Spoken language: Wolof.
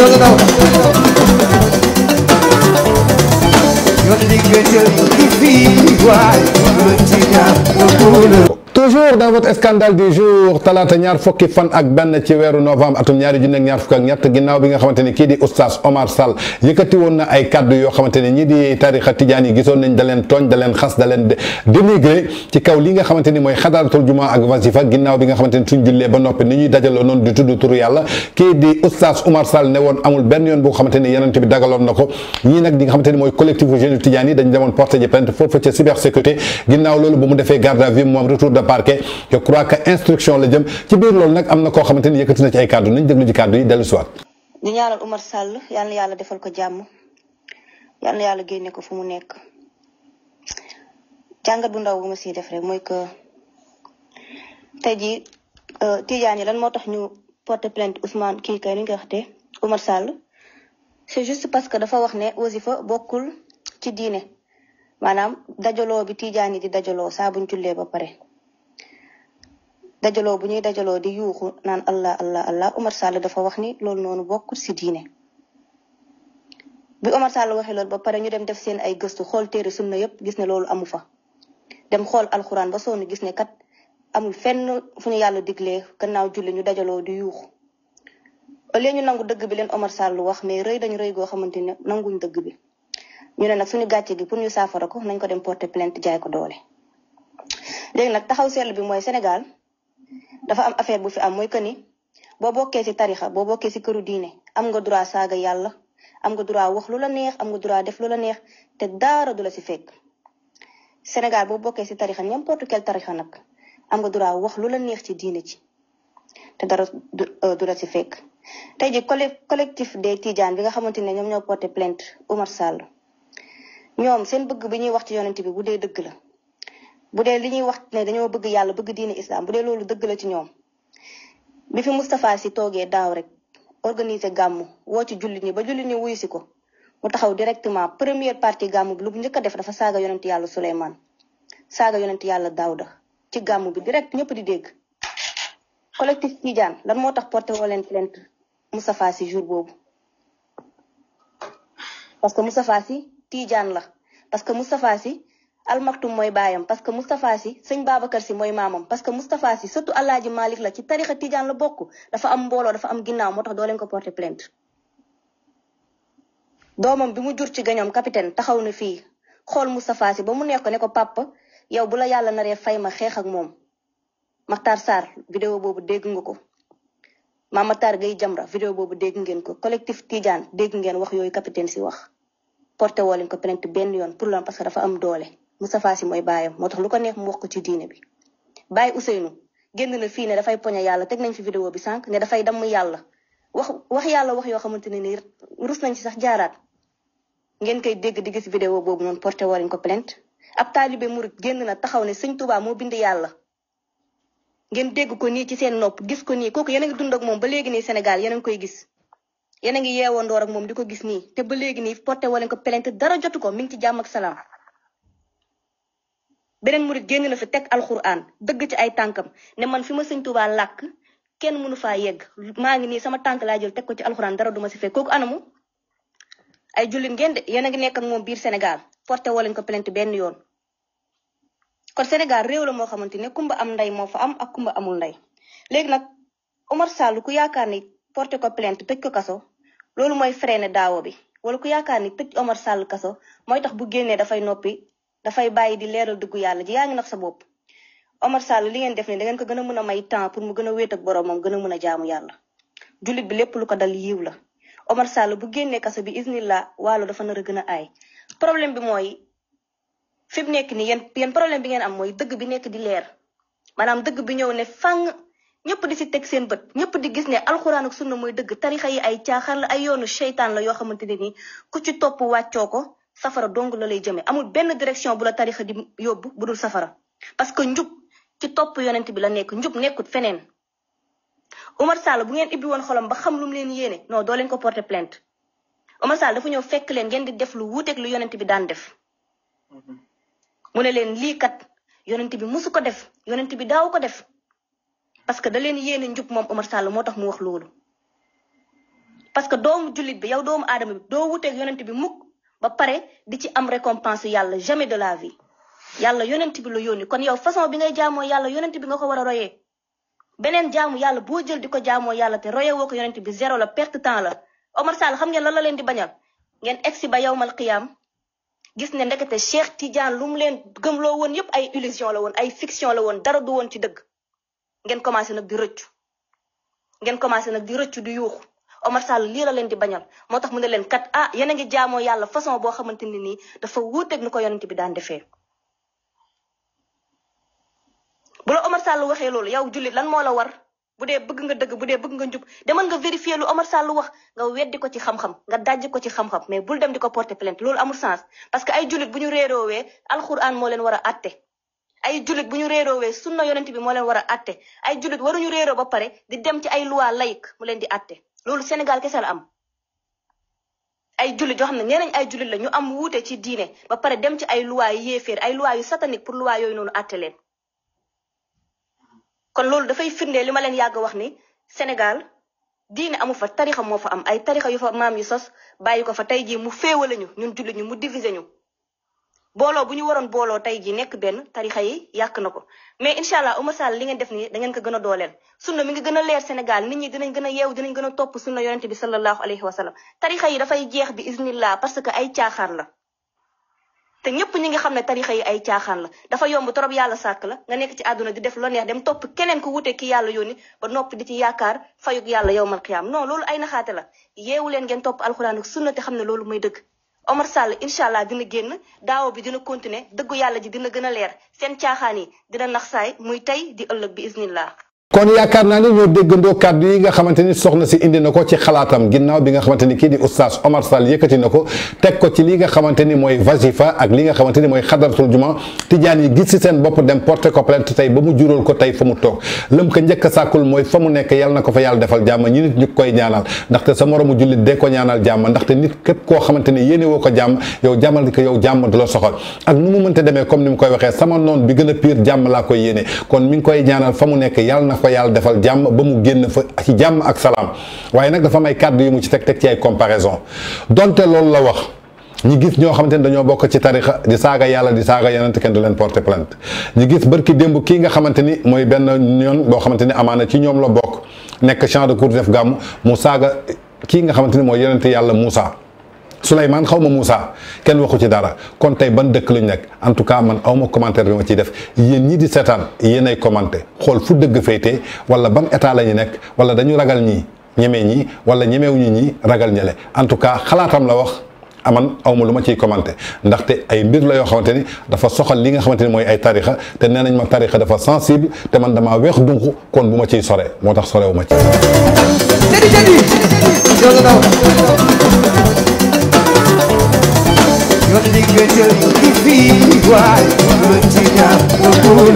đâu đâu Nhân tình người chơi khi phi hoài Luôn chỉ là một cô lửa toujours dans votre scandale du jour talaata ñaar Foki fan ak Ben ci weeru novembre atum ñaari junni ak ñaar fukk ak ñatt ginnaw bi nga xamanteni ki di oustaz Omar Sall yëkkati won na ay kàddu yo xamanteni ñi di tarixa tijaan yi gisoon nañ dalen togn dalen da leen xas da leen dénigré ci kaw li nga xamanteni moy khadaratul juma ak wasifa ginnaw bi nga xamanteni suñ ba noppi ni ñuy dajaloo noonu di tudd turu yalla ki di oustaz Omar Sall ne woon amul ben yoon bu xamanteni ni bi dagaloon na ko di nga xamanteni moy collectif jeune tijaan yi dañ demoon porté ji plainte foofu ci cybersécurité ginnaw lolu bu mu défé garde à vue moom retour de parquet je crois que instruction la jëm ci biir loolu nag am na koo xamante ni yëkkati na ci ay kàddu nañ déglu ci kàddu yi dellu siwaat di ñaanal Umar Sall yal na yàlla defal ko jàmm yal yàlla génne ko fu mu nekk jàngat bu ndaw bu ma siy def rek mooy que tey jii euh, Tijaan yi lan moo tax ñu porter plainte Ousmane kii kay li nga waxte Umar Sall c'est juste parce que dafa wax ne fa bokkul ci diine maanaam dajaloo bi Tijaan yi di dajaloo saa buñ dajaloo bu ñuy dajaloo di yuuxu naan allah allah allah Omar Sall dafa wax ni loolu noonu bokkul si diine bi Omar Sall waxee loolu ba pare ñu dem def seen ay gëstu xool téere na yëpp gis ne loolu amu fa dem xool alxuraan ba sonn gis ne kat amul fenn fu ñu yàlla diglee gannaaw julli ñu dajaloo di yuuxu au lieu ñu nangu dëgg bi leen Omar Sall wax mais rëy dañu rëy goo xamante ne nanguñ dëgg bi ñu ne nag suñu gàcce gi pour ñu saafara ko nañ ko dem porter plainte jaay ko doole léegi dafa am affaire bu fi am mooy que ni boo bokkee ci tarixa boo bokkee ci këru diine am nga droit saaga yàlla am nga duraa wax lu la neex am nga droit def lu la neex te daara du la ci fekk Sénégal boo bokkee ci tarixa n'importe quel tarixa nag am nga droit wax lu la neex ci diine ci te dara euh, du la ci fekk tey ji collectif de Tidiane bi nga xamante ne ñoom ñoo porté plainte Oumar Sall ñoom seen bëgg bi ñuy wax ci yonent bi bu dee dëgg la bu dee li ñuy wax ne dañoo bëgg yàlla bëgg diine islam bu dee loolu dëgg la ci ñoom bi fi Moustapha si toogee daaw rek organiser gàmmu woo ci jullit ñi ba jullit ñi wuyu si ko mu taxaw directement première partie gàmmu bi lu bu njëkk a def dafa saaga yonent yàlla Souleymane saaga yonent yàlla Daouda ci gàmmu bi direct ñëpp di dégg collectif Tidiane lan moo tax porté woo leen plainte Moustapha Sy jour boobu parce que Moustapha Sy Tidiane la parce que Moustapha almaktum mooy baayam parce que Moustapha Sy sëñ Babacar Sy mooy maamam parce que Moustapha Sy surtout Alaaji Malick la ci tarixa Tijaan la bokk dafa am mbooloo dafa am ginnaaw moo tax doo leen ko porter plainte doomam bi mu jur ci gañoom capitaine taxaw na fii xool Moustapha Sy ba mu nekk ne ko papa yow bu la yàlla naree fay ma xeex ak moom Makhtar Sarr vidéo boobu dégg nga ko Mamatar Gueye Jamra vidéo boobu dégg ngeen ko collectif Tijaan dégg ngeen wax yooyu capitaine si wax porté woo leen ko plainte benn yoon pour lan parce que dafa am doole Moustapha si mooy baayam moo tax lu ko neex mu wax ko ci diine bi Baye Ousseynou génn na fii ne dafay poñe yàlla teg nañ fi vidéo bi sànq ne dafay damm yàlla wax wax yàlla wax yoo xamante ne ni rus nañ ci sax jaaraat ngeen koy dégg di gis vidéo boobu noonu porté wariñ ko plainte ab taalibe murit génn na taxaw ne suñ Tuubaa moo bind yàlla ngeen dégg ko nii ci seen nopp gis ko nii kooku yéen a moom ba léegi nii Sénégal yéen a ngi koy gis yéen a ngi yeewoo ndoor moom di ko gis nii te ba léegi nii porté wariñ ko plainte dara jotu ko mi ngi ci jàmm ak salaam beneen murit génn na fi teg alxuraan dëgg ci ay tànkam ne man fi ma sëñ Tuubaa làkk kenn mënu faa yegg maa ngi nii sama tànk laa jël teg ko ci alxuraan dara duma si fekk kooku anamu ay jullit ngeen de yéen a ngi nekk ak moom biir Sénégal porté woo leen ko plainte benn yoon kon Sénégal réew la moo xamante ne kumba am ndey moo fa am ak kumba amul ndey léegi nag Omar Sall ku yaakaar ni porté ko plainte tëj ko kaso loolu mooy ne daawo bi wala ku yaakaar ni tëj Omar Sall kaso mooy tax bu génnee dafay noppi fay bàyyi di leral duggu yalla ji yaangi nak sa bop Omar Sall li ngeen def ni da ngeen ko gëna mëna may temps pour mu gëna a ak borom mom gëna mëna jaamu yalla julit bi lepp lu ko dal yiw la Omar Sall bu génnee kaso bi iznillah walu da fa a gëna ay problème bi moy fi nek ni yeen yeen problème bi ngeen am moy dëgg bi nek di leer manam dëgg bi ñew ne fang ñepp di si tek seen bëtt ñepp di gis ne alcorane ak sunna moy dëgg tarixa yi ay tiaxar la ay yoonu seytaan la yo xamanteni ni ku ci top waccoko safara dong la lay jëmee amul benn direction bu la tarixa di yóbbu bu dul safara parce que njub ci topp yonent bi la nekk njub nekkut feneen Umar Sall bu ngeen ibbi woon xolom ba xam lu leen yéene noo doo leen ko porter plainte Umar Sall dafa ñëw fekk leen ngeen di def lu wuuteeg lu yonent bi daan def mm-hmm. mu ne leen lii kat bi musu ko def yonent bi daaw ko def parce que da leen yéene njub moom Umar Sall moo tax mu wax loolu parce que doomu jullit bi yow doomu aadama bi doo wuteeg yonent bi mukk ba pare di ci am récompense yàlla jamais de la vie yàlla yonent bi la yónni kon yow façon bi ngay jaamoo yàlla yonent bi nga ko war a royee beneen jaamu yàlla boo jël di ko jaamoo yàlla te royee woo ko yonent bi zéro la perte temps la Omar Sall xam ngeen lan la leen di bañal ngeen egsi ba yawmal qiyaam gis ne ndekete Cheikh Tidiane lu mu leen gëmloo woon yépp ay illusion la woon ay fiction la woon dara du woon ci dëgg ngeen commencé nag di rëccu ngeen commencé nag di rëccu di yuuxu Omar Sall lii leen di bañal moo tax mu ne leen kat ah yéen ngi jaamoo yàlla façon boo xamante ni nii dafa wuuteeg ni ko yonent bi daan defee. bu la Omar Sall waxee loolu yow jullit lan moo la war bu dee bëgg nga dëgg bu dee bëgg nga njub demal nga vérifier lu Omar Sall wax nga weddi ko ci xam-xam nga dajji ko ci xam-xam mais bul dem di ko porter plainte loolu amul sens parce que ay julit bu ñu réeroowee alxuraan moo leen war a àtte ay jullit bu ñu réeroowee sunna yonent bi moo leen war a àtte ay jullit waruñu réeroo ba pare di dem ci ay loi laïque mu leen di àtte loolu Sénégal kese la am ay jullit yoo xam ne nee ay jullit la ñu am wuute ci diine ba pare dem ci ay luwaa yu yéeféer ay luwaa yu satanique pour luwaa yooyu noonu àtte leen kon loolu dafay firndee li ma leen yàgg wax ni Sénégal diine amu fa tarixa moo fa am ay tarixa yu fa maam yu sos bàyyi ko fa tey jii mu féewale ñu ñun jullit ñu mu diviser ñu booloo bu ñu waroon booloo tey ji nekk benn tarixa yi yàq na ko mais incha allah Oumar Sall li ngeen def nii da ngeen ko gën a dooleel sunna mi ngi gën leer Sénégal nit ñi dinañ gën a yeewu dinañ gën a topp sunna yonente bi sallallahu alayhi wa sallam tarixa yi dafay jeex bi iznillah parce que ay caaxaan la te ñëpp ñi nga xam ne tarixa yi ay caaxaan la dafa yomb torop yàlla sàkk la nga nekk ci àdduna di def lo neex dem topp keneen ku wute ki yàlla yónni ba nopp di ci yaakaar fayug yàlla yowmal qiyaam non loolu ay naxaate la yeewu leen ngeen topp alxuraan ak sunna te xam n loolu mooy dëgg Omar Sall incha allah dina génn daawo bi dina continuer dëggu yàlla ji dina gën a leer seen caaxaan yi dina nax saay muy tey di ëllëg bi iznillah kon yaakaar naa ne ñoo déggandoo kàddu yi nga xamante ni soxna si indi na ko ci xalaatam ginnaaw bi nga xamante ni kii di oustaz Omar Sall yëkkati na ko teg ko ci li nga xamante ni mooy Wazifa ak li nga xamante ni mooy xadaratul juma tijaan yi gis si seen bopp dem porté ko plainte tey ba mu jural ko tey fa mu toog lëm ko njëkk sàkkul mooy fa mu nekk yal na ko fa yàlla defal jàmm ñi nit ñu koy ñaanal ndaxte sa moromu jullit de ko ñaanal jàmm ndaxte nit képp koo xamante ni yéene woo ko jàmm yow jàmmal ko yow jàmm du la ak nu mu mënte demee comme ni mu koy waxee sama noon bi gën a pire jàmm laa kon mi ngi koy ñaanal fa mu nekk yàlla na ko yàlla defal jàmm ba mu génn fa ci jàmm ak salaam waaye nag dafa am ay kàddu yu mu ci teg teg ci ay comparaison donte loolu la wax ñi gis ñoo xamante ne dañoo bokk ci tarixa di saaga yàlla di saaga yonent kenn du leen porter plainte ñi gis bërki démb kii nga xamante ni mooy benn yoon boo xamante ni amaana ci ñoom la bokk nekk champ de course def gàmm mu saaga kii nga xamante ni mooy yonent yàlla Moussa سليمان xaw موسى Moussa واخو تي دارا كون تاي بان دك لو نك ان توكا مان اوما man aw تي ديف يين ني دي سيتان يين اي di خول فو ay فايتي ولا بان ايتا لا ني ban ولا دانيو راغال ني wala dañu ولا ñii ñeme ني wala ñemewuñu ñi ragal ñale en tout cas aman aw luma ci ma ciy commenté ndaxte ay mbir la yo xamanteni dafa soxal li nga xamanteni moy ay tarixa te nenañ ma tarixa dafa sensible te man dama wex dunku kon buma ci sore motax soré wu ma ci yoon di nga jël di fii waay mën ci ñaar